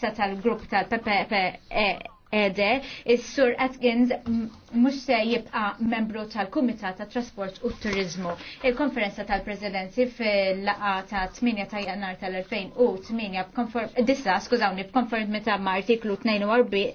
sa tal-grupp tal Ede, is-Sur Atkins mux se jibqa membru tal-Kumitat ta' Trasport u Turizmu. Il-konferenza tal-Presidenzi fil-laqa ta' 8 ta' jannar tal-2008 b'konform, disa, skużawni, b'konformita ma' artiklu 42